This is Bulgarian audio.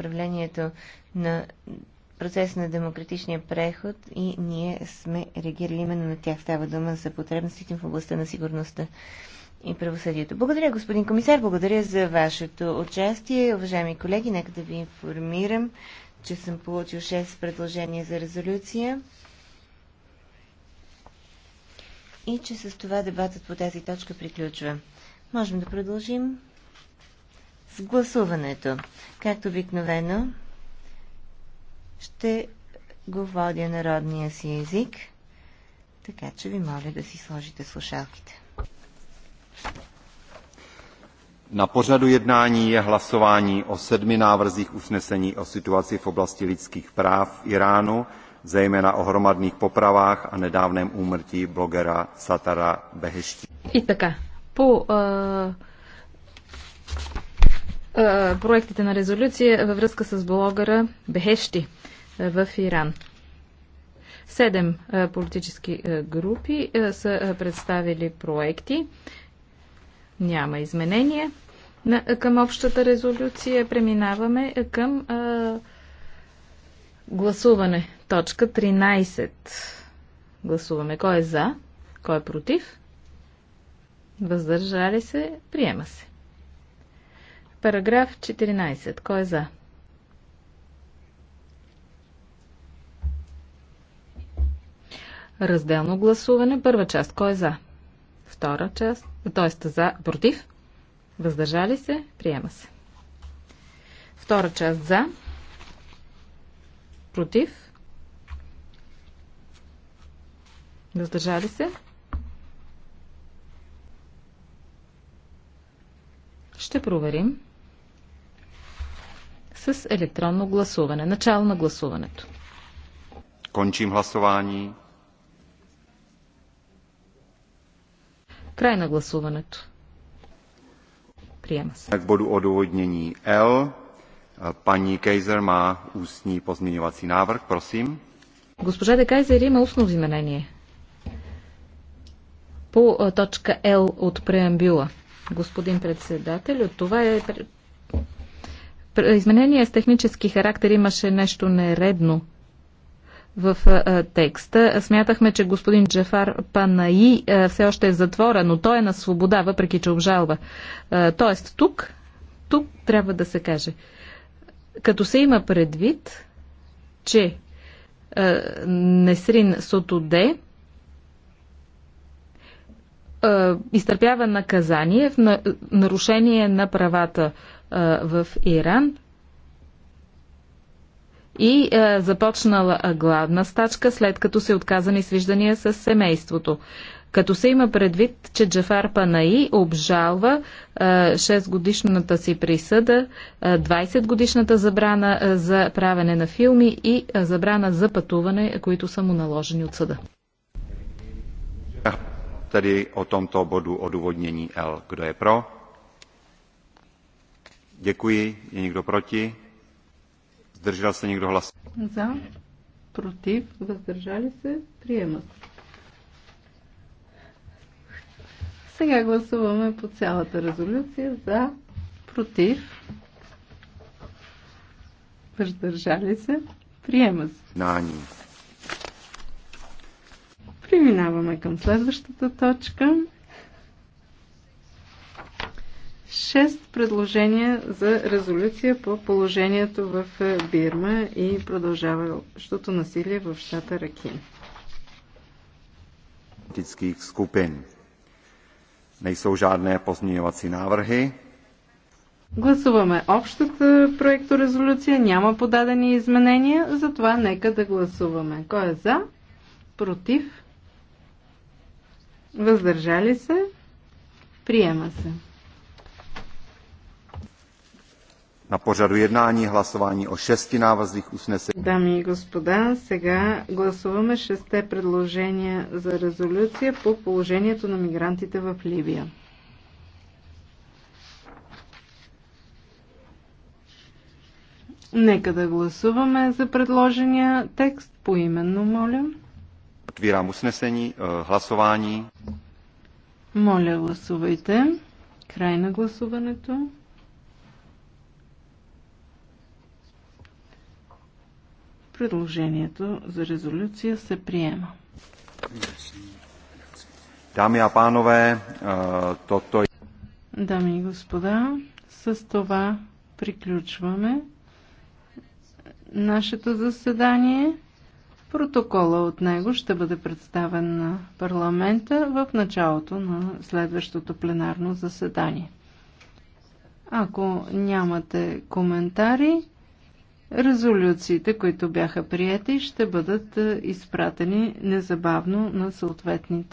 управлението на процеса на демократичния преход и ние сме реагирали именно на тях. Става дума за потребностите в областта на сигурността и правосъдието. Благодаря, господин комисар. Благодаря за вашето участие. Уважаеми колеги, нека да ви информирам, че съм получил 6 предложения за резолюция и че с това дебатът по тази точка приключва. Можем да продължим с гласуването. Както обикновено, ще го народния си език, така че ви моля да си сложите слушалките. Na pořadu jednání je hlasování o sedmi návrzích usnesení o situaci v oblasti lidských práv v Iránu, zejména o hromadných popravách a nedávném úmrtí blogera Satara Behešti. I така, по uh проектите на резолюция във връзка с блогъра Бехещи в Иран. Седем политически групи са представили проекти. Няма изменения. Към общата резолюция преминаваме към гласуване. Точка 13. Гласуваме кой е за, кой е против. Въздържали се, приема се. Параграф 14. Кой е за? Разделно гласуване. Първа част. Кой е за? Втора част. Т.е. за. Против. Въздържали се. Приема се. Втора част за. Против. Въздържали се. Ще проверим с електронно гласуване. Начало на гласуването. Кончим гласуване. Край на гласуването. Приема се. К боду odůvodnění L. Пани Кейзер ма устни pozměňovací навърх, просим. Госпожа Де Кайзер има устно изменение по точка Л от преамбюла. Господин председател, това е изменение с технически характер имаше нещо нередно в текста. Смятахме, че господин Джафар Панаи все още е затворен, но той е на свобода, въпреки че обжалва. Тоест тук, тук трябва да се каже. Като се има предвид, че Несрин Сотоде изтърпява наказание в нарушение на правата в Иран и е, започнала гладна стачка, след като се отказани свиждания с семейството. Като се има предвид, че Джафар Панаи обжалва е, 6-годишната си присъда, е, 20-годишната забрана е, за правене на филми и е, забрана за пътуване, които са му наложени от съда. Е, Tedy o tomto bodu odůvodnění L. Kdo je pro? Děkuji. Je někdo proti? Zdržel se někdo hlas? За, против, въздържали се, приема се. Сега гласуваме по цялата резолюция за, против, въздържали се, приема се. Нани. Преминаваме към следващата точка шест предложения за резолюция по положението в е, Бирма и продължаващото насилие в щата Ракин. Politických Не са žádné pozměňovací навърхи. Гласуваме общата проекторезолюция. Няма подадени изменения, затова нека да гласуваме. Кой е за? Против? Въздържали се? Приема се. на pořadu jednání hlasování о шести навазлих уснесе. Дами и господа, сега гласуваме шесте предложения за резолюция по положението на мигрантите в Ливия. Нека да гласуваме за предложения текст поименно, моля. Отвирам уснесени, е, гласовани. Моля, гласувайте. Край на гласуването. Предложението за резолюция се приема. Дами и панове, то той... Дами и господа, с това приключваме нашето заседание. Протокола от него ще бъде представен на парламента в началото на следващото пленарно заседание. Ако нямате коментари, резолюциите, които бяха приети, ще бъдат е, изпратени незабавно на съответните